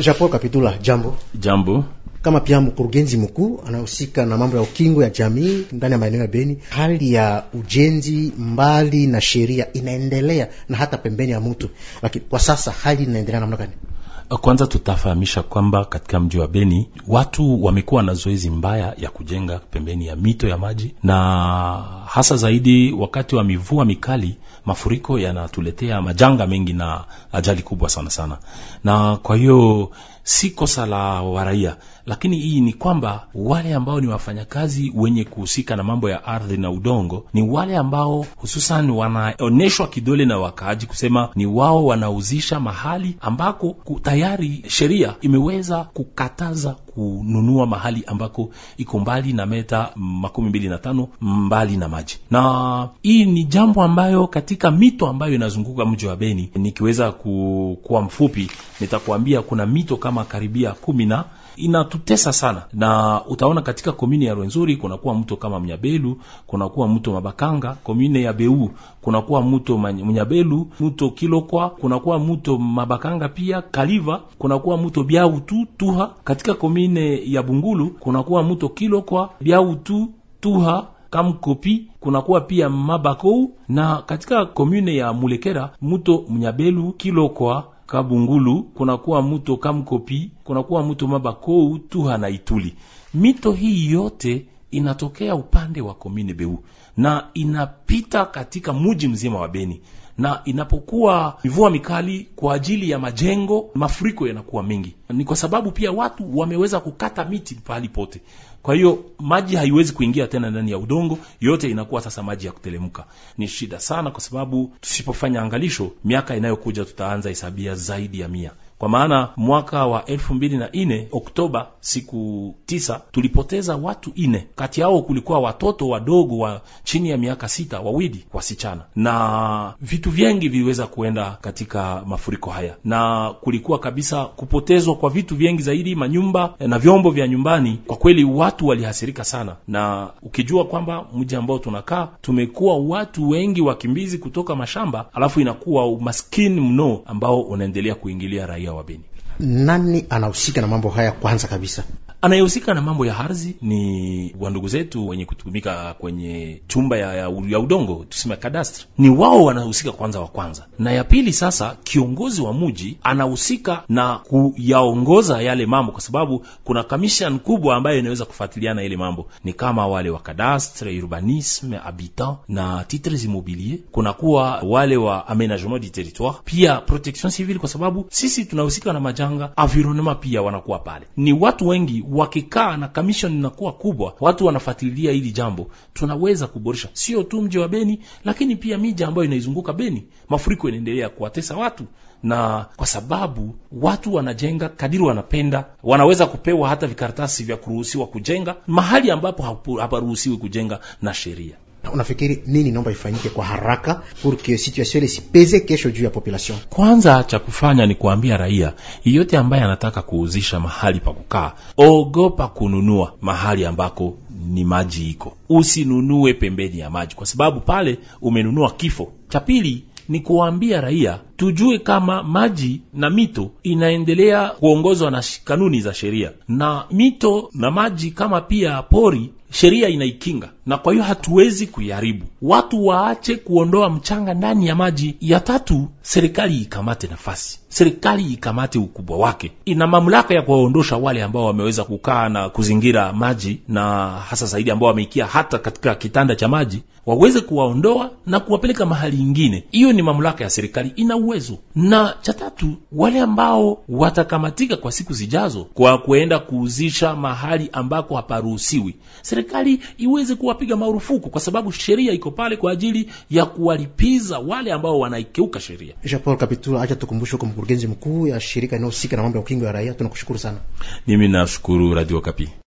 Japo Kapitula, jambo. Jambo. Kama pia mkurugenzi mkuu anahusika na mambo ya ukingo ya jamii ndani ya maeneo ya Beni, hali ya ujenzi mbali na sheria inaendelea na hata pembeni ya mtu, lakini kwa sasa hali inaendelea namna gani? Kwanza tutafahamisha kwamba katika mji wa Beni watu wamekuwa na zoezi mbaya ya kujenga pembeni ya mito ya maji na hasa zaidi wakati wa mivua mikali. Mafuriko yanatuletea majanga mengi na ajali kubwa sana sana, na kwa hiyo si kosa la waraia, lakini hii ni kwamba wale ambao ni wafanyakazi wenye kuhusika na mambo ya ardhi na udongo ni wale ambao hususan wanaonyeshwa kidole na wakaaji kusema ni wao wanauzisha mahali ambako tayari sheria imeweza kukataza kununua mahali ambako iko mbali na meta makumi mbili na tano mbali na maji, na hii ni jambo ambayo katika mito ambayo inazunguka mji wa Beni, nikiweza kuwa mfupi nitakuambia kuna mito kama karibia kumi na inatutesa sana, na utaona katika komune ya Rwenzori kunakuwa mto kama Mnyabelu, kunakuwa mto Mabakanga, komune ya Beu kunakuwa mto Mnyabelu, mto Kilokwa, kunakuwa mto Mabakanga pia Kaliva, kunakuwa mto Biautu Tuha. Katika komune ya Bungulu kunakuwa mto Kilokwa, tu Tuha, Kamkopi kunakuwa pia Mabakou, na katika komune ya Mulekera mto Mnyabelu, Kilokwa kabungulu kunakuwa muto kamkopi kunakuwa muto mabakou tuha na ituli mito hii yote inatokea upande wa komini Beu na inapita katika muji mzima wa Beni, na inapokuwa mvua mikali kwa ajili ya majengo, mafuriko yanakuwa mengi. Ni kwa sababu pia watu wameweza kukata miti pahali pote, kwa hiyo maji haiwezi kuingia tena ndani ya udongo, yote inakuwa sasa maji ya kutelemka. Ni shida sana, kwa sababu tusipofanya angalisho, miaka inayokuja tutaanza hesabia zaidi ya mia kwa maana mwaka wa elfu mbili na ine Oktoba siku tisa tulipoteza watu ine. Kati yao kulikuwa watoto wadogo wa chini ya miaka sita wawili wasichana, na vitu vyengi viliweza kuenda katika mafuriko haya, na kulikuwa kabisa kupotezwa kwa vitu vyengi zaidi, manyumba eh, na vyombo vya nyumbani. Kwa kweli watu walihasirika sana, na ukijua kwamba mji ambao tunakaa tumekuwa watu wengi wakimbizi kutoka mashamba, alafu inakuwa umaskini mno ambao unaendelea kuingilia raia ya wabeni. Nani anahusika na mambo haya kwanza kabisa? Anayehusika na mambo ya ardhi ni wandugu zetu wenye kutumika kwenye chumba ya, ya, ya udongo tuseme kadastre, ni wao wanahusika kwanza wa kwanza. Na ya pili sasa, kiongozi wa muji anahusika na kuyaongoza yale mambo, kwa sababu kuna kamishan kubwa ambayo inaweza kufuatiliana ile mambo, ni kama wale wa kadastre, urbanisme, habitant na titres immobilier, kunakuwa wale wa amenagement du territoire, pia protection civile, kwa sababu sisi tunahusika na majanga environnement, pia wanakuwa pale. Ni watu wengi wakikaa na commission inakuwa kubwa, watu wanafuatilia hili jambo, tunaweza kuboresha sio tu mji wa Beni, lakini pia miji ambayo inaizunguka Beni. Mafuriko inaendelea kuwatesa watu, na kwa sababu watu wanajenga kadiri wanapenda, wanaweza kupewa hata vikaratasi vya kuruhusiwa kujenga mahali ambapo haparuhusiwi kujenga na sheria. Unafikiri nini naomba ifanyike kwa haraka purke que situation isipeze kesho juu ya population? Kwanza cha kufanya ni kuambia raia yeyote ambaye anataka kuuzisha mahali pa kukaa, ogopa kununua mahali ambako ni maji iko, usinunue pembeni ya maji, kwa sababu pale umenunua kifo. Cha pili ni kuambia raia tujue kama maji na mito inaendelea kuongozwa na kanuni za sheria, na mito na maji kama pia pori, sheria inaikinga na kwa hiyo hatuwezi kuiharibu. Watu waache kuondoa mchanga ndani ya maji. Ya tatu, serikali ikamate nafasi, serikali ikamate ukubwa wake. Ina mamlaka ya kuwaondosha wale ambao wameweza kukaa na kuzingira maji, na hasa zaidi ambao wameikia hata katika kitanda cha maji, waweze kuwaondoa na kuwapeleka mahali ingine. Hiyo ni mamlaka ya serikali, ina uwezo. Na cha tatu, wale ambao watakamatika kwa siku zijazo kwa kuenda kuuzisha mahali ambako haparuhusiwi, serikali iweze kuwa tunawapiga marufuku kwa sababu sheria iko pale kwa ajili ya kuwalipiza wale ambao wanaikeuka sheria. Jean Paul Kapitula, acha tukumbushe kwa mkurugenzi mkuu ya shirika inayohusika na mambo ya ukingo ya raia. Tunakushukuru sana. Mimi nashukuru Radio Kapi.